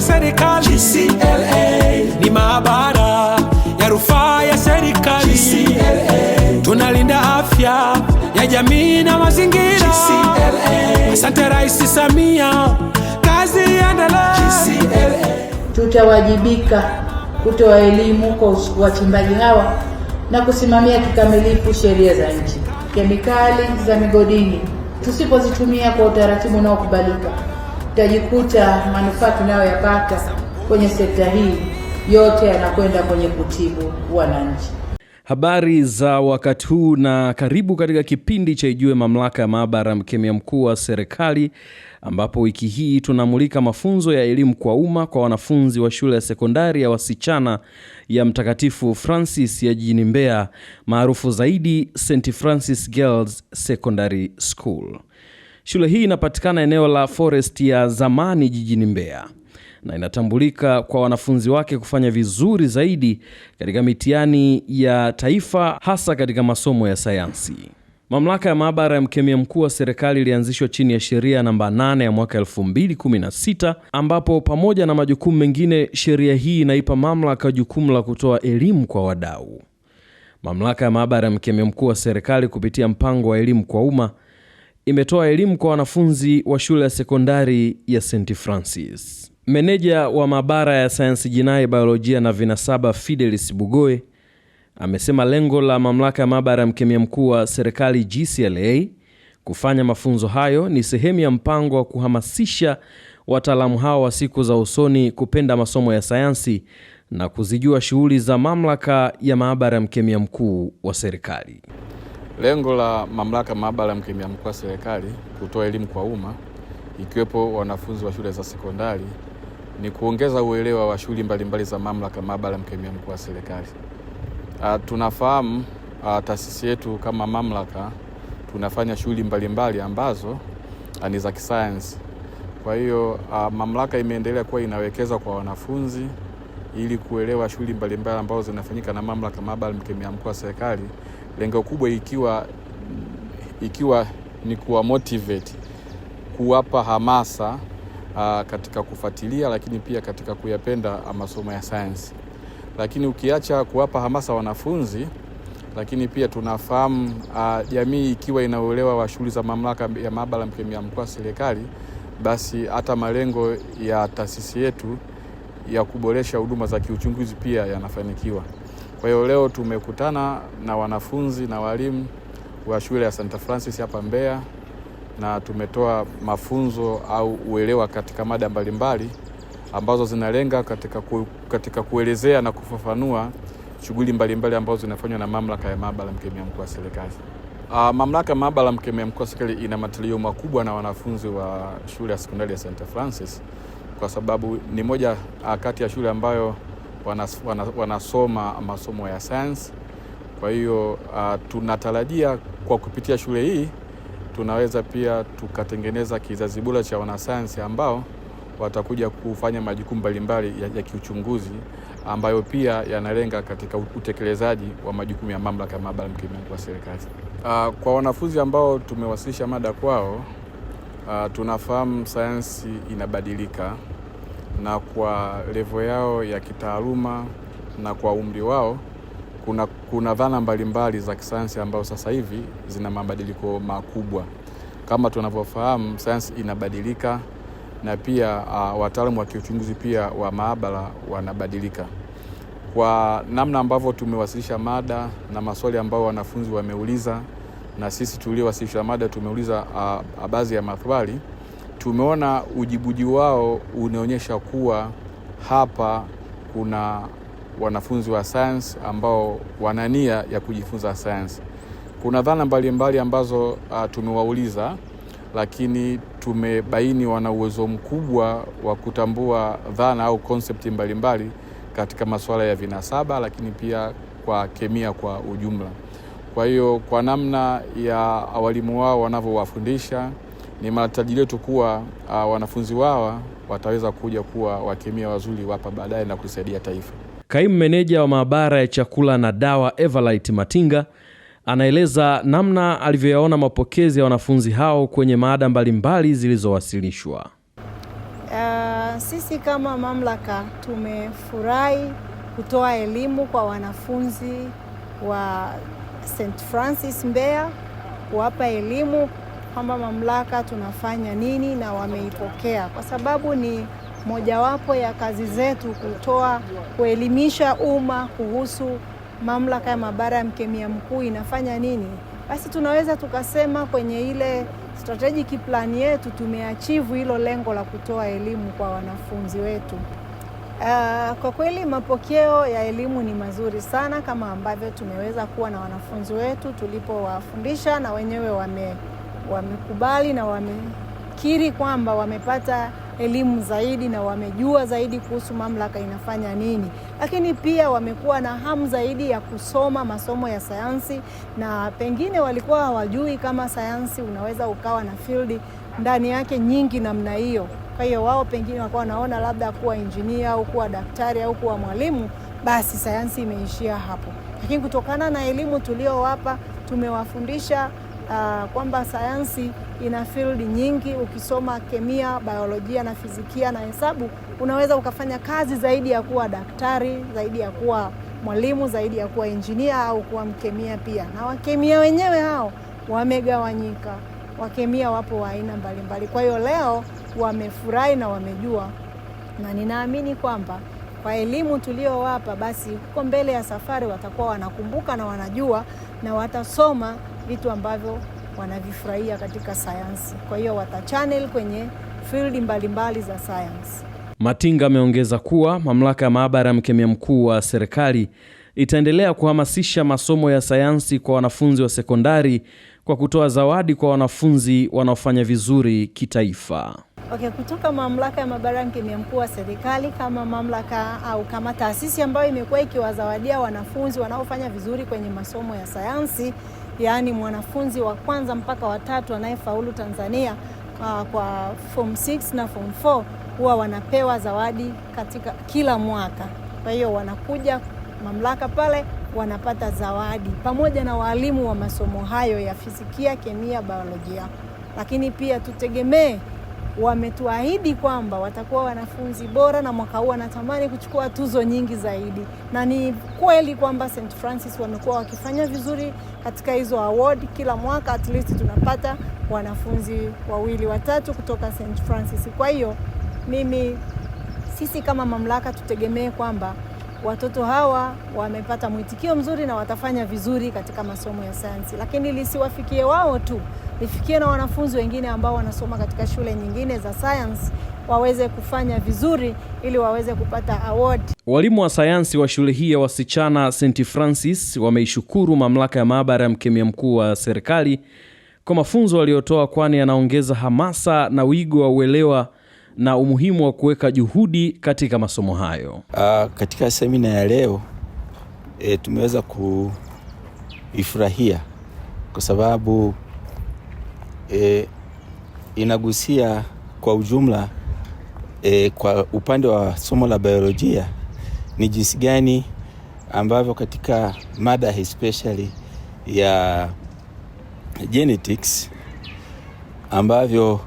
serikali GCLA, ni maabara ya rufaa ya serikali GCLA, tunalinda afya ya jamii na mazingira GCLA. Asante Rais Samia, kazi iendelee. Tutawajibika kutoa elimu kwa wachimbaji hawa na kusimamia kikamilifu sheria za nchi. Kemikali za migodini tusipozitumia kwa utaratibu unaokubalika tutajikuta manufaa tunayoyapata kwenye sekta hii yote yanakwenda kwenye kutibu wananchi. Habari za wakati huu na karibu katika kipindi cha Ijue Mamlaka ya Maabara, mkemia mkuu wa serikali, ambapo wiki hii tunamulika mafunzo ya elimu kwa umma kwa wanafunzi wa shule ya sekondari ya wasichana ya Mtakatifu Francis ya jijini Mbeya, maarufu zaidi St Francis Girls Secondary School. Shule hii inapatikana eneo la Forest ya zamani jijini Mbeya na inatambulika kwa wanafunzi wake kufanya vizuri zaidi katika mitihani ya taifa hasa katika masomo ya sayansi. Mamlaka ya maabara ya mkemia mkuu wa serikali ilianzishwa chini ya sheria namba 8 ya mwaka 2016 ambapo pamoja na majukumu mengine, sheria hii inaipa mamlaka jukumu la kutoa elimu kwa wadau. Mamlaka ya maabara ya mkemia mkuu wa serikali kupitia mpango wa elimu kwa umma imetoa elimu kwa wanafunzi wa shule ya sekondari ya St. Francis. Meneja wa maabara ya sayansi jinai, biolojia na vinasaba Fidelis Bugoe amesema lengo la mamlaka ya maabara ya mkemia mkuu wa serikali GCLA kufanya mafunzo hayo ni sehemu ya mpango wa kuhamasisha wataalamu hao wa siku za usoni kupenda masomo ya sayansi na kuzijua shughuli za mamlaka ya maabara ya mkemia mkuu wa serikali. Lengo la Mamlaka Maabara ya Mkemia Mkuu wa Serikali kutoa elimu kwa umma ikiwepo wanafunzi wa shule za sekondari ni kuongeza uelewa wa shughuli mbalimbali za Mamlaka Maabara ya Mkemia Mkuu wa Serikali. Ah, tunafahamu ah, taasisi yetu kama mamlaka tunafanya shughuli mbalimbali ambazo ah, ni za kisayansi. Kwa hiyo mamlaka imeendelea kuwa inawekeza kwa wanafunzi ili kuelewa shughuli mbalimbali ambazo zinafanyika na Mamlaka Maabara ya Mkemia Mkuu wa Serikali lengo kubwa ikiwa, ikiwa ni kuwa motivate kuwapa hamasa uh, katika kufuatilia lakini pia katika kuyapenda masomo ya sayansi. Lakini ukiacha kuwapa hamasa wanafunzi, lakini pia tunafahamu ah, jamii ikiwa inaolewa wa shughuli za mamlaka ya maabara mkemia mkuu wa serikali, basi hata malengo ya taasisi yetu ya kuboresha huduma za kiuchunguzi pia yanafanikiwa. Kwa hiyo leo tumekutana na wanafunzi na walimu wa shule ya Santa Francis hapa Mbeya na tumetoa mafunzo au uelewa katika mada mbalimbali ambazo zinalenga katika, ku, katika kuelezea na kufafanua shughuli mbalimbali ambazo zinafanywa na Mamlaka ya Maabara Mkemia Mkuu wa Serikali. Uh, Mamlaka ya Maabara Mkemia Mkuu wa Serikali ina matarajio makubwa na wanafunzi wa shule ya sekondari ya Santa Francis kwa sababu ni moja ah, kati ya shule ambayo wanas, wanas, wanasoma masomo ya sayansi. Kwa hiyo uh, tunatarajia kwa kupitia shule hii tunaweza pia tukatengeneza kizazi bora cha wanasayansi ambao watakuja kufanya majukumu mbalimbali ya, ya kiuchunguzi ambayo pia yanalenga katika utekelezaji wa majukumu ya mamlaka ya maabara mkemia wa serikali. Uh, kwa wanafunzi ambao tumewasilisha mada kwao, uh, tunafahamu sayansi inabadilika na kwa levo yao ya kitaaluma na kwa umri wao, kuna, kuna dhana mbalimbali za kisayansi ambayo sasa hivi zina mabadiliko makubwa. Kama tunavyofahamu, sayansi inabadilika na pia uh, wataalamu wa kiuchunguzi pia wa maabara wanabadilika. Kwa namna ambavyo tumewasilisha mada na maswali ambayo wanafunzi wameuliza na sisi tuliowasilisha mada tumeuliza uh, baadhi ya maswali tumeona ujibuji wao unaonyesha kuwa hapa kuna wanafunzi wa sayansi ambao wana nia ya kujifunza sayansi. Kuna dhana mbalimbali mbali ambazo uh, tumewauliza lakini tumebaini wana uwezo mkubwa wa kutambua dhana au konsepti mbalimbali katika masuala ya vinasaba, lakini pia kwa kemia kwa ujumla. Kwa hiyo kwa namna ya walimu wao wanavyowafundisha ni matarajio yetu kuwa uh, wanafunzi wawa wataweza kuja kuwa wakemia wazuri wapa baadaye na kulisaidia taifa. Kaimu meneja wa maabara ya chakula na dawa Everlight Matinga anaeleza namna alivyoyaona mapokezi ya wanafunzi hao kwenye maada mbalimbali zilizowasilishwa. Uh, sisi kama mamlaka tumefurahi kutoa elimu kwa wanafunzi wa St Francis Mbeya, kuwapa elimu kwamba mamlaka tunafanya nini na wameipokea, kwa sababu ni mojawapo ya kazi zetu kutoa kuelimisha umma kuhusu mamlaka ya maabara ya mkemia mkuu inafanya nini. Basi tunaweza tukasema kwenye ile strategic plan yetu tumeachivu hilo lengo la kutoa elimu kwa wanafunzi wetu. Uh, kwa kweli mapokeo ya elimu ni mazuri sana, kama ambavyo tumeweza kuwa na wanafunzi wetu tulipowafundisha na wenyewe wame wamekubali na wamekiri kwamba wamepata elimu zaidi na wamejua zaidi kuhusu mamlaka inafanya nini, lakini pia wamekuwa na hamu zaidi ya kusoma masomo ya sayansi, na pengine walikuwa hawajui kama sayansi unaweza ukawa na field ndani yake nyingi namna hiyo. Kwa hiyo wao pengine walikuwa wanaona labda kuwa injinia au kuwa daktari au kuwa mwalimu, basi sayansi imeishia hapo. Lakini kutokana na elimu tuliowapa, tumewafundisha uh, kwamba sayansi ina field nyingi. Ukisoma kemia, biolojia na fizikia na hesabu, unaweza ukafanya kazi zaidi ya kuwa daktari, zaidi ya kuwa mwalimu, zaidi ya kuwa injinia au kuwa mkemia pia. Na wakemia wenyewe hao wamegawanyika, wakemia wapo wa aina mbalimbali. Kwa hiyo leo wamefurahi na wamejua, na ninaamini kwamba kwa elimu tuliyowapa, basi huko mbele ya safari watakuwa wanakumbuka na wanajua na watasoma vitu ambavyo wanavifurahia katika sayansi. Kwa hiyo watachannel kwenye field mbalimbali za sayansi. Matinga ameongeza kuwa mamlaka ya maabara ya mkemia mkuu wa serikali itaendelea kuhamasisha masomo ya sayansi kwa wanafunzi wa sekondari kwa kutoa zawadi kwa wanafunzi wanaofanya vizuri kitaifa. Okay, kutoka mamlaka ya maabara ya mkemia mkuu wa serikali kama mamlaka au kama taasisi ambayo imekuwa ikiwazawadia wanafunzi wanaofanya vizuri kwenye masomo ya sayansi yaani mwanafunzi wa kwanza mpaka watatu anayefaulu Tanzania uh, kwa form 6 na form 4 huwa wanapewa zawadi katika kila mwaka. Kwa hiyo wanakuja mamlaka pale wanapata zawadi pamoja na waalimu wa masomo hayo ya fizikia, kemia, biolojia. Lakini pia tutegemee wametuahidi kwamba watakuwa wanafunzi bora, na mwaka huu wanatamani kuchukua tuzo nyingi zaidi, na ni kweli kwamba St Francis wamekuwa wakifanya vizuri katika hizo award kila mwaka, at least tunapata wanafunzi wawili watatu kutoka St Francis. Kwa hiyo mimi, sisi kama mamlaka tutegemee kwamba watoto hawa wamepata mwitikio mzuri na watafanya vizuri katika masomo ya sayansi, lakini lisiwafikie wao tu ifikie na wanafunzi wengine ambao wanasoma katika shule nyingine za science waweze kufanya vizuri ili waweze kupata award. Walimu wa sayansi wa shule hii ya wasichana St. Francis wameishukuru mamlaka ya maabara ya mkemia mkuu wa serikali kwa mafunzo waliotoa, kwani yanaongeza hamasa na wigo wa uelewa na umuhimu wa kuweka juhudi katika masomo hayo. Uh, katika semina ya leo e, tumeweza kuifurahia kwa sababu e, inagusia kwa ujumla e, kwa upande wa somo la biolojia ni jinsi gani ambavyo katika mada especially ya genetics ambavyo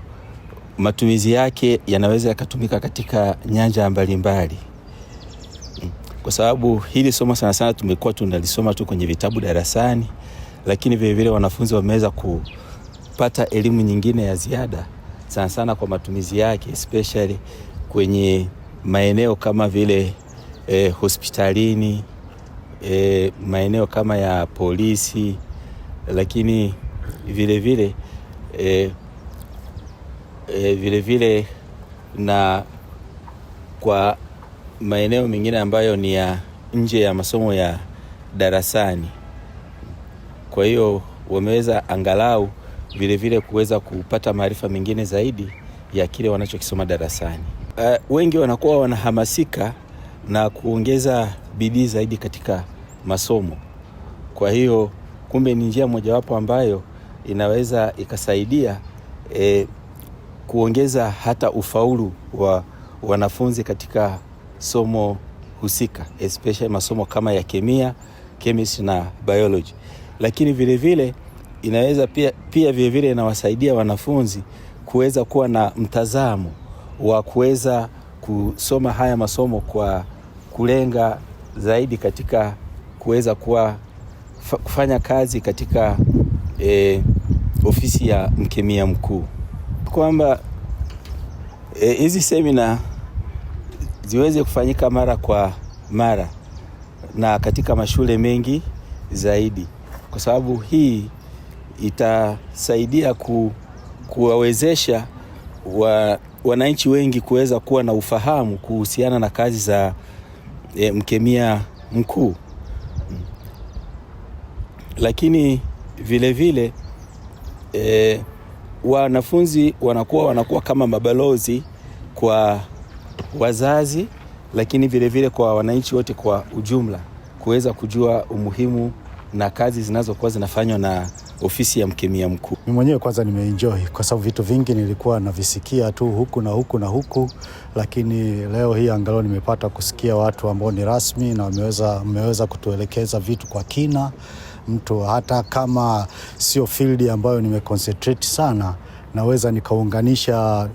matumizi yake yanaweza yakatumika katika nyanja mbalimbali, kwa sababu hili somo sana sana tumekuwa tunalisoma tu kwenye vitabu darasani, lakini vilevile wanafunzi wameweza ku kupata elimu nyingine ya ziada sana sana kwa matumizi yake especially kwenye maeneo kama vile eh, hospitalini eh, maeneo kama ya polisi, lakini vile vile eh, eh, vile vile na kwa maeneo mengine ambayo ni ya nje ya masomo ya darasani. Kwa hiyo wameweza angalau vilevile kuweza kupata maarifa mengine zaidi ya kile wanachokisoma darasani. Uh, wengi wanakuwa wanahamasika na kuongeza bidii zaidi katika masomo. Kwa hiyo kumbe ni njia mojawapo ambayo inaweza ikasaidia e, kuongeza hata ufaulu wa wanafunzi katika somo husika especially masomo kama ya kemia, chemistry na biology, lakini vilevile inaweza pia, pia vilevile inawasaidia wanafunzi kuweza kuwa na mtazamo wa kuweza kusoma haya masomo kwa kulenga zaidi katika kuweza kuwa kufanya kazi katika e, ofisi ya mkemia mkuu, kwamba e, hizi e, semina ziweze kufanyika mara kwa mara na katika mashule mengi zaidi, kwa sababu hii itasaidia ku, kuwawezesha wa, wananchi wengi kuweza kuwa na ufahamu kuhusiana na kazi za e, mkemia mkuu. Lakini vile vile e, wanafunzi wanakuwa wanakuwa kama mabalozi kwa wazazi, lakini vile vile kwa wananchi wote kwa ujumla kuweza kujua umuhimu na kazi zinazokuwa zinafanywa na ofisi ya mkemia mkuu. Mimi mwenyewe kwanza nimeenjoy kwa sababu vitu vingi nilikuwa navisikia tu huku na huku na huku, lakini leo hii angalau nimepata kusikia watu ambao ni rasmi na wameweza mmeweza kutuelekeza vitu kwa kina. Mtu hata kama sio field ambayo nimeconcentrate sana, naweza nikaunganisha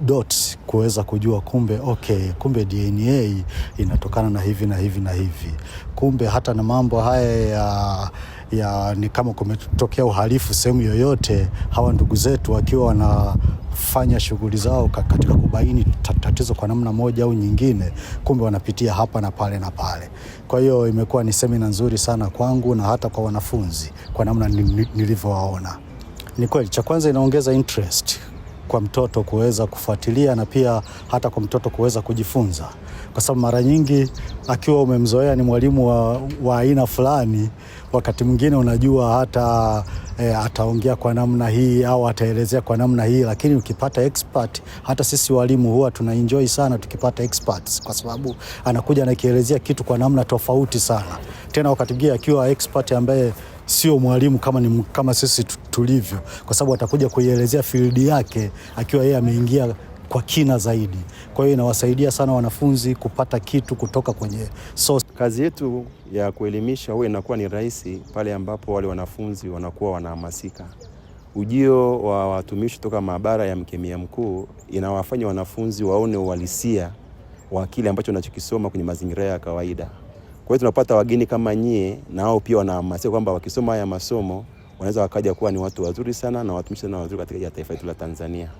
dots kuweza kujua kumbe, okay, kumbe DNA inatokana na hivi na hivi na hivi, kumbe hata na mambo haya ya uh, ya ni kama kumetokea uhalifu sehemu yoyote, hawa ndugu zetu wakiwa wanafanya shughuli zao katika kubaini tatizo kwa namna moja au nyingine, kumbe wanapitia hapa na pale na pale. Kwa hiyo imekuwa ni semina nzuri sana kwangu na hata kwa wanafunzi kwa namna nilivyowaona. Ni kweli, cha kwanza inaongeza interest kwa mtoto kuweza kufuatilia na pia hata kwa mtoto kuweza kujifunza, kwa sababu mara nyingi akiwa umemzoea ni mwalimu wa aina fulani wakati mwingine unajua hata e, ataongea kwa namna hii au ataelezea kwa namna hii, lakini ukipata expert, hata sisi walimu huwa tuna enjoy sana tukipata experts, kwa sababu anakuja anakielezea kitu kwa namna tofauti sana, tena wakati mwingine akiwa expert ambaye sio mwalimu kama, ni, kama sisi tulivyo, kwa sababu atakuja kuielezea field yake akiwa yeye ameingia kwa kina zaidi. Kwa hiyo inawasaidia sana wanafunzi kupata kitu kutoka kwenye source. Kazi yetu ya kuelimisha huwa inakuwa ni rahisi pale ambapo wale wanafunzi wanakuwa wanahamasika. Ujio wa watumishi kutoka maabara ya mkemia mkuu inawafanya wanafunzi waone uhalisia wa kile ambacho wanachokisoma kwenye mazingira ya kawaida. Kwa hiyo tunapata wageni kama nyie, na wao pia wanahamasika kwamba wakisoma haya masomo wanaweza wakaja kuwa ni watu wazuri sana na watumishi sana wazuri katika taifa letu la Tanzania.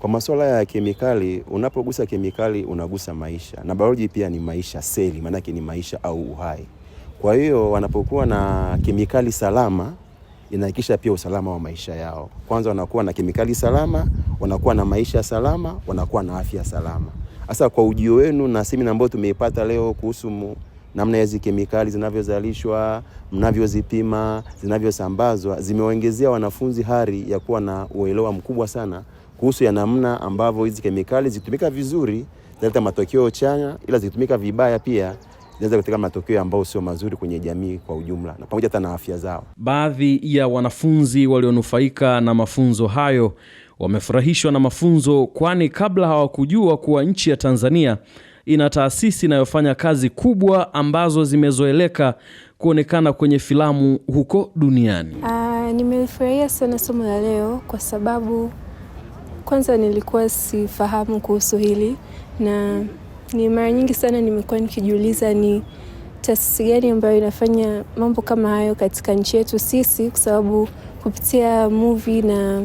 Kwa masuala ya kemikali, unapogusa kemikali unagusa maisha, na biology pia ni maisha, seli maanake ni maisha au uhai. Kwa hiyo wanapokuwa na kemikali salama inahakikisha pia usalama wa maisha yao. Kwanza wanakuwa na kemikali salama, wanakuwa na maisha salama, wanakuwa na afya salama. Sasa kwa ujio wenu na semina ambayo tumeipata leo kuhusu namna hizi kemikali zinavyozalishwa, mnavyozipima, zinavyosambazwa, zimewaongezea wanafunzi hari ya kuwa na uelewa mkubwa sana kuhusu ya namna ambavyo hizi kemikali zikitumika vizuri zinaleta matokeo chanya, ila zikitumika vibaya pia zinaweza kuleta matokeo ambayo sio mazuri kwenye jamii kwa ujumla na pamoja hata na afya zao. Baadhi ya wanafunzi walionufaika na mafunzo hayo wamefurahishwa na mafunzo, kwani kabla hawakujua kuwa nchi ya Tanzania ina taasisi inayofanya kazi kubwa ambazo zimezoeleka kuonekana kwenye filamu huko duniani. Uh, nimelifurahia sana somo la leo kwa sababu kwanza nilikuwa sifahamu kuhusu hili na ni mara nyingi sana nimekuwa nikijiuliza ni taasisi gani ambayo inafanya mambo kama hayo katika nchi yetu sisi, kwa sababu kupitia mvi na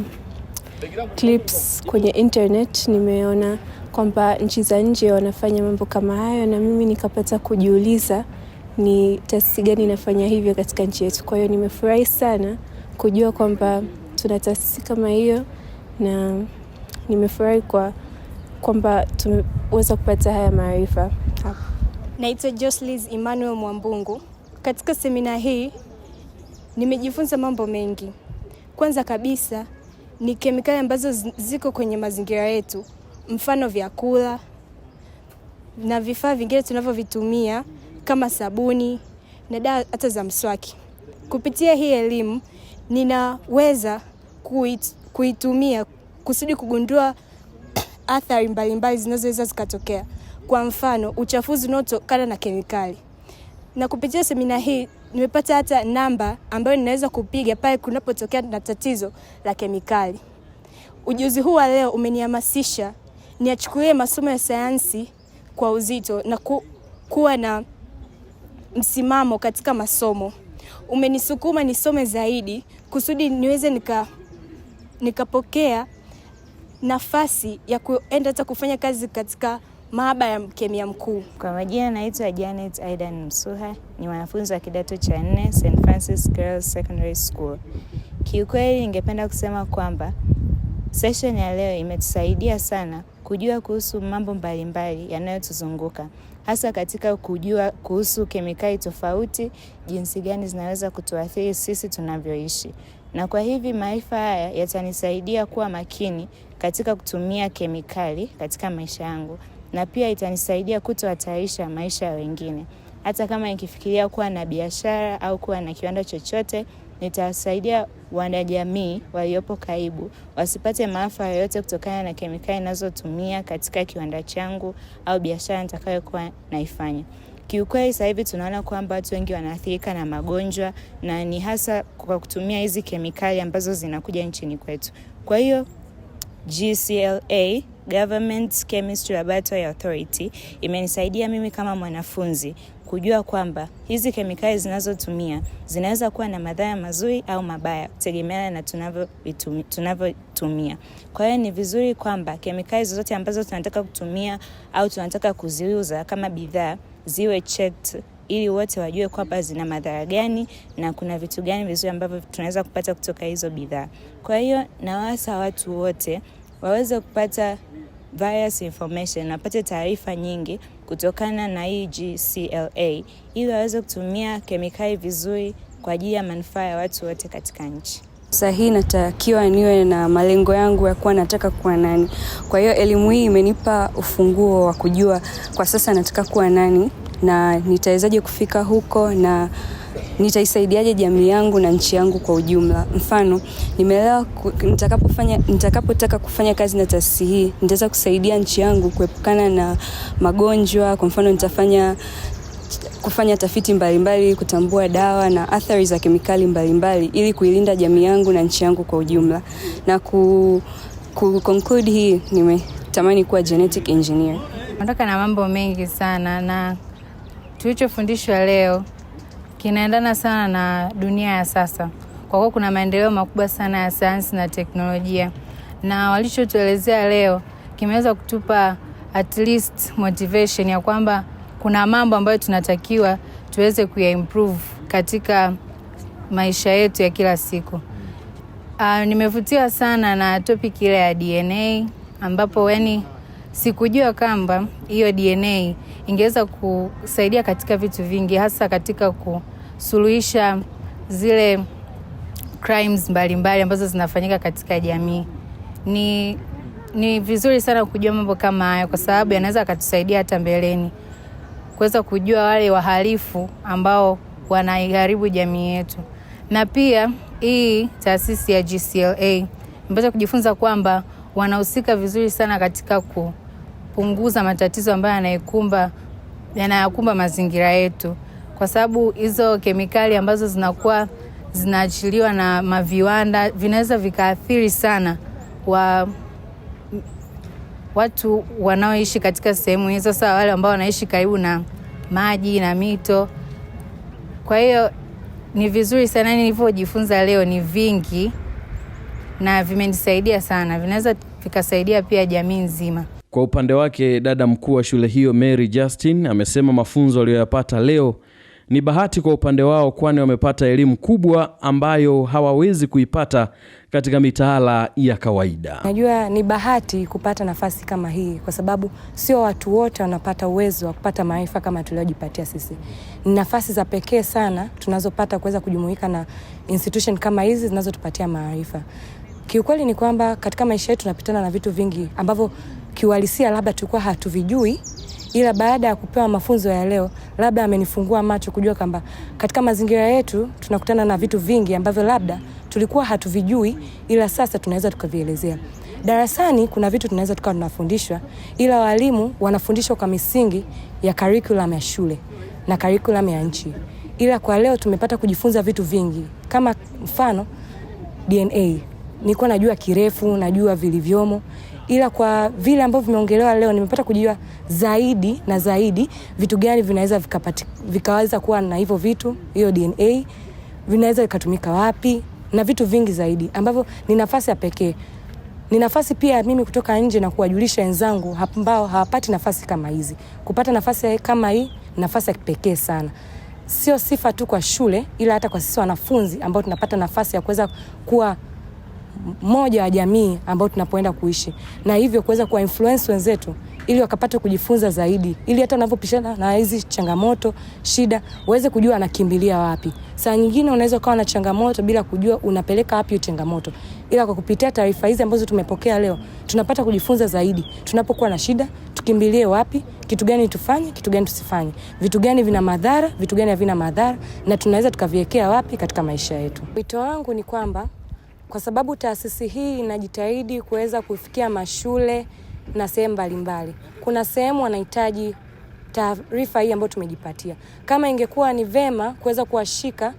clips kwenye internet nimeona kwamba nchi za nje wanafanya mambo kama hayo, na mimi nikapata kujiuliza ni taasisi gani inafanya hivyo katika nchi yetu. Kwa hiyo nimefurahi sana kujua kwamba tuna taasisi kama hiyo na nimefurahi kwa kwamba tumeweza kupata haya maarifa hapa. Naitwa Joslis Emmanuel Mwambungu. Katika semina hii nimejifunza mambo mengi. Kwanza kabisa ni kemikali ambazo ziko kwenye mazingira yetu, mfano vyakula na vifaa vingine tunavyovitumia kama sabuni na dawa hata za mswaki. Kupitia hii elimu ninaweza kuitumia kusudi kugundua athari mbalimbali zinazoweza zikatokea, kwa mfano uchafuzi unaotokana na kemikali. Na kupitia semina hii nimepata hata namba ambayo ninaweza kupiga pale kunapotokea na tatizo la kemikali. Ujuzi huu wa leo umenihamasisha niachukulie masomo ya sayansi kwa uzito na ku, kuwa na msimamo katika masomo. Umenisukuma nisome zaidi kusudi niweze nika, nikapokea nafasi ya kuenda hata kufanya kazi katika maaba ya mkemia mkuu. Kwa majina naitwa Janet Aidan Msuha, ni mwanafunzi wa kidato cha nne St Francis Girls Secondary School. Kiukweli ningependa kusema kwamba session ya leo imetusaidia sana kujua kuhusu mambo mbalimbali yanayotuzunguka hasa katika kujua kuhusu kemikali tofauti, jinsi gani zinaweza kutuathiri sisi tunavyoishi, na kwa hivi maarifa haya yatanisaidia kuwa makini katika kutumia kemikali katika maisha yangu, na pia itanisaidia kutohatarisha maisha ya wengine. Hata kama nikifikiria kuwa na biashara au kuwa na kiwanda chochote, nitasaidia wanajamii waliopo karibu wasipate maafa yoyote kutokana na kemikali inazotumia katika kiwanda changu au biashara nitakayokuwa naifanya. Kiukweli sasa hivi tunaona kwamba watu wengi wanaathirika na magonjwa na ni hasa kwa kutumia hizi kemikali ambazo zinakuja nchini kwetu. Kwa hiyo GCLA Government Chemistry Laboratory Authority imenisaidia mimi kama mwanafunzi kujua kwamba hizi kemikali zinazotumia zinaweza kuwa na madhara mazuri au mabaya kutegemeana na tunavyotumia. Kwa hiyo ni vizuri kwamba kemikali zozote ambazo tunataka kutumia au tunataka kuziuza kama bidhaa ziwe checked ili wote wajue kwamba zina madhara gani na kuna vitu gani vizuri ambavyo tunaweza kupata kutoka hizo bidhaa. Kwa hiyo nawasa watu wote waweze kupata various information, wapate taarifa nyingi kutokana na hii GCLA ili waweze kutumia kemikali vizuri kwa ajili ya manufaa ya watu wote katika nchi. Sasa hii natakiwa niwe na malengo yangu ya kuwa nataka kuwa nani. Kwa hiyo elimu hii imenipa ufunguo wa kujua kwa sasa nataka kuwa nani na nitawezaje kufika huko na nitaisaidiaje jamii yangu na nchi yangu kwa ujumla. Mfano, nimeelewa nitakapofanya nitakapotaka kufanya kazi na taasisi hii nitaweza kusaidia nchi yangu kuepukana na magonjwa. Kwa mfano, nitafanya kufanya tafiti mbalimbali mbali, kutambua dawa na athari za kemikali mbalimbali mbali, ili kuilinda jamii yangu na nchi yangu kwa ujumla. Na ku, ku conclude hii nimetamani kuwa genetic engineer. Nataka na mambo mengi sana na tulichofundishwa leo kinaendana sana na dunia ya sasa, kwa kuwa kuna maendeleo makubwa sana ya sayansi na teknolojia, na walichotuelezea leo kimeweza kutupa at least motivation ya kwamba kuna mambo ambayo tunatakiwa tuweze kuyaimprove katika maisha yetu ya kila siku. Uh, ah, nimevutiwa sana na topic ile ya DNA ambapo yani Sikujua kwamba hiyo DNA ingeweza kusaidia katika vitu vingi, hasa katika kusuluhisha zile crimes mbalimbali mbali ambazo zinafanyika katika jamii. Ni, ni vizuri sana kujua mambo kama haya kwa sababu yanaweza akatusaidia hata mbeleni kuweza kujua wale wahalifu ambao wanaiharibu jamii yetu. Na pia hii taasisi ya GCLA imepata kujifunza kwamba wanahusika vizuri sana katika ku kupunguza matatizo ambayo yanayekumba yanayakumba mazingira yetu, kwa sababu hizo kemikali ambazo zinakuwa zinaachiliwa na maviwanda vinaweza vikaathiri sana wa watu wanaoishi katika sehemu hizo, sasa wale ambao wanaishi karibu na maji na mito. Kwa hiyo ni vizuri sana, yaani nilivyojifunza leo ni vingi na vimenisaidia sana, vinaweza vikasaidia pia jamii nzima. Kwa upande wake dada mkuu wa shule hiyo Mary Justin amesema mafunzo aliyoyapata leo ni bahati kwa upande wao, kwani wamepata elimu kubwa ambayo hawawezi kuipata katika mitaala ya kawaida. Najua ni bahati kupata nafasi kama hii, kwa sababu sio watu wote wanapata uwezo wa kupata maarifa kama tuliyojipatia sisi. Ni nafasi za pekee sana tunazopata kuweza kujumuika na institution kama hizi zinazotupatia maarifa. Kiukweli ni kwamba katika maisha yetu tunapitana na vitu vingi ambavyo kiuhalisia labda tulikuwa hatuvijui, ila baada ya kupewa mafunzo ya leo labda amenifungua macho kujua kwamba katika mazingira yetu tunakutana na vitu vingi ambavyo labda tulikuwa hatuvijui, ila sasa tunaweza tukavielezea. Darasani kuna vitu tunaweza tukawa tunafundishwa, ila walimu wanafundishwa kwa misingi ya curriculum ya shule na curriculum ya nchi, ila kwa leo tumepata kujifunza vitu vingi, kama mfano DNA. Nilikuwa najua kirefu, najua vilivyomo ila kwa vile ambavyo vimeongelewa leo nimepata kujua zaidi na zaidi vitu gani vinaweza vikaweza kuwa na hivyo vitu, hiyo DNA vinaweza vikatumika wapi na vitu vingi zaidi ambavyo ni nafasi ya pekee. Ni nafasi pia mimi kutoka nje na kuwajulisha wenzangu ambao hawapati nafasi kama hizi. Kupata nafasi kama hii, nafasi ya kipekee sana. Sio sifa tu kwa shule, ila hata kwa sisi wanafunzi ambao tunapata nafasi ya kuweza kuwa moja wa jamii ambao tunapoenda kuishi, na hivyo kuweza kuwa influence wenzetu ili wakapate kujifunza zaidi, ili hata wanavyopishana na hizi changamoto, shida, waweze kujua anakimbilia wapi. Saa nyingine unaweza ukawa na changamoto bila kujua unapeleka wapi changamoto, ila kwa kupitia taarifa hizi ambazo tumepokea leo, tunapata kujifunza zaidi. Tunapokuwa na shida, tukimbilie wapi, kitu gani tufanye, kitu gani tusifanye, vitu gani vina madhara, vitu gani havina madhara, na tunaweza tukaviwekea wapi katika maisha yetu. Wito wangu ni kwamba kwa sababu taasisi hii inajitahidi kuweza kufikia mashule na sehemu mbalimbali. Kuna sehemu wanahitaji taarifa hii ambayo tumejipatia. Kama ingekuwa ni vema kuweza kuwashika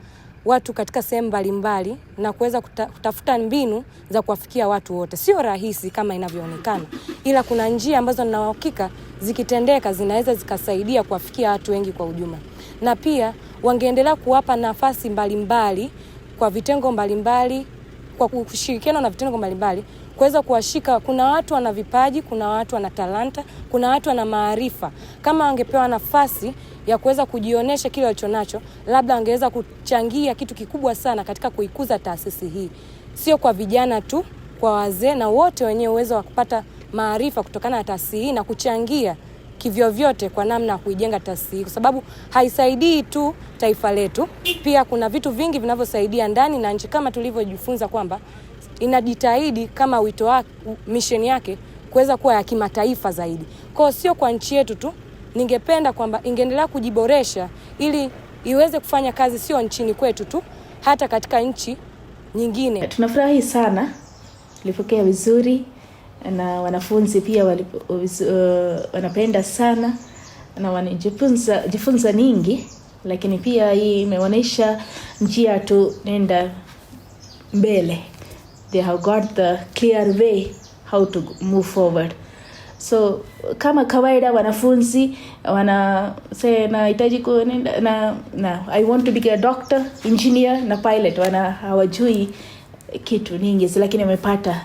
watu katika sehemu mbalimbali na kuweza kuta, kutafuta mbinu za kuwafikia watu wote. Sio rahisi kama inavyoonekana, ila kuna njia ambazo nina uhakika zikitendeka zinaweza zikasaidia kuwafikia watu wengi kwa ujumla, na pia wangeendelea kuwapa nafasi mbalimbali mbali, kwa vitengo mbalimbali mbali, kwa kushirikiana na vitengo mbalimbali kuweza kuwashika. Kuna watu wana vipaji, kuna watu wana talanta, kuna watu wana maarifa. Kama wangepewa nafasi ya kuweza kujionyesha kile walichonacho, labda wangeweza kuchangia kitu kikubwa sana katika kuikuza taasisi hii, sio kwa vijana tu, kwa wazee na wote wenye uwezo wa kupata maarifa kutokana na taasisi hii na kuchangia kivyovyote kwa namna ya kuijenga taasisi kwa sababu haisaidii tu taifa letu, pia kuna vitu vingi vinavyosaidia ndani na nje, kama tulivyojifunza kwamba inajitahidi kama wito wa misheni yake kuweza kuwa ya kimataifa zaidi. Kwa hiyo sio kwa nchi yetu tu, ningependa kwamba ingeendelea kujiboresha ili iweze kufanya kazi sio nchini kwetu tu, hata katika nchi nyingine. Tunafurahi sana, ulipokea vizuri na wanafunzi pia wali, uh, wanapenda sana na wanajifunza jifunza nyingi, lakini pia hii imeonyesha njia tu nenda mbele. They have got the clear way how to move forward. So kama kawaida wanafunzi wana say nahitaji kuenda na, na I want to be a doctor, engineer na pilot, wana hawajui kitu nyingi, lakini wamepata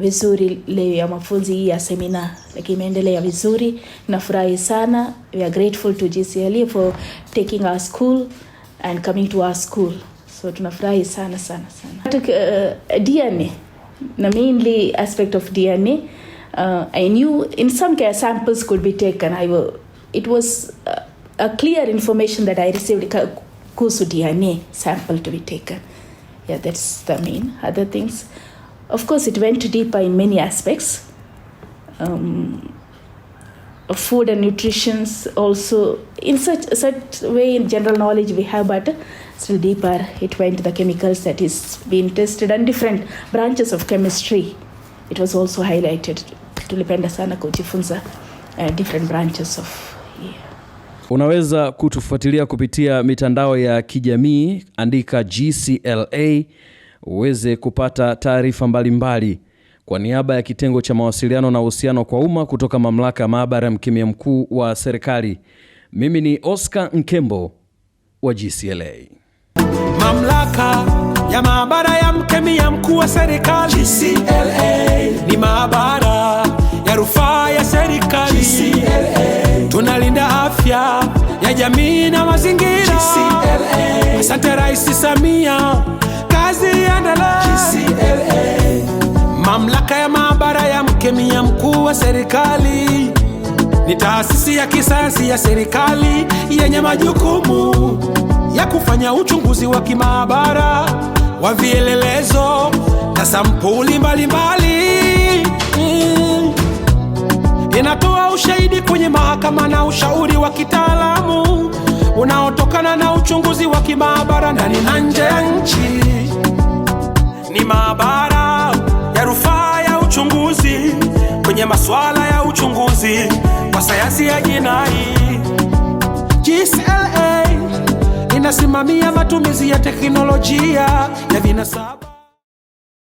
vizuri leo ya mafunzi hii ya semina, lakini imeendelea vizuri. Nafurahi sana, we are grateful to GCLE for taking our school and coming to our school, so tunafurahi sana sana sana. Uh, DNA na mainly aspect of DNA uh, I knew in some care samples could be taken I will, it was uh, a clear information that I received kuhusu DNA sample to be taken yeah that's the main other things Of course, it went deeper in many aspects. Um, food and nutrition also in such such way in general knowledge we have but still deeper it went the chemicals that is being tested and different branches of chemistry it was also highlighted tulipenda sana kujifunza uh, different branches of unaweza kutufuatilia kupitia mitandao ya kijamii andika gcla uweze kupata taarifa mbalimbali. Kwa niaba ya kitengo cha mawasiliano na uhusiano kwa umma kutoka mamlaka ya maabara ya mkemia mkuu wa serikali, mimi ni Oscar Nkembo wa GCLA. Mamlaka ya maabara ya mkemia mkuu wa serikali GCLA ni maabara ya rufaa ya serikali GCLA. Tunalinda afya ya jamii na mazingira. GCLA. Asante Rais Samia, kazi wa serikali ni taasisi ya kisayansi ya serikali yenye majukumu ya kufanya uchunguzi wa kimaabara wa vielelezo na sampuli mbalimbali. Mm. Inatoa ushahidi kwenye mahakama na ushauri wa kitaalamu unaotokana na uchunguzi wa kimaabara ndani na nje ya nchi. Ni maabara ya rufaa ya uchunguzi kwenye masuala ya uchunguzi kwa sayansi ya jinai. GCLA inasimamia matumizi ya teknolojia ya vinasaba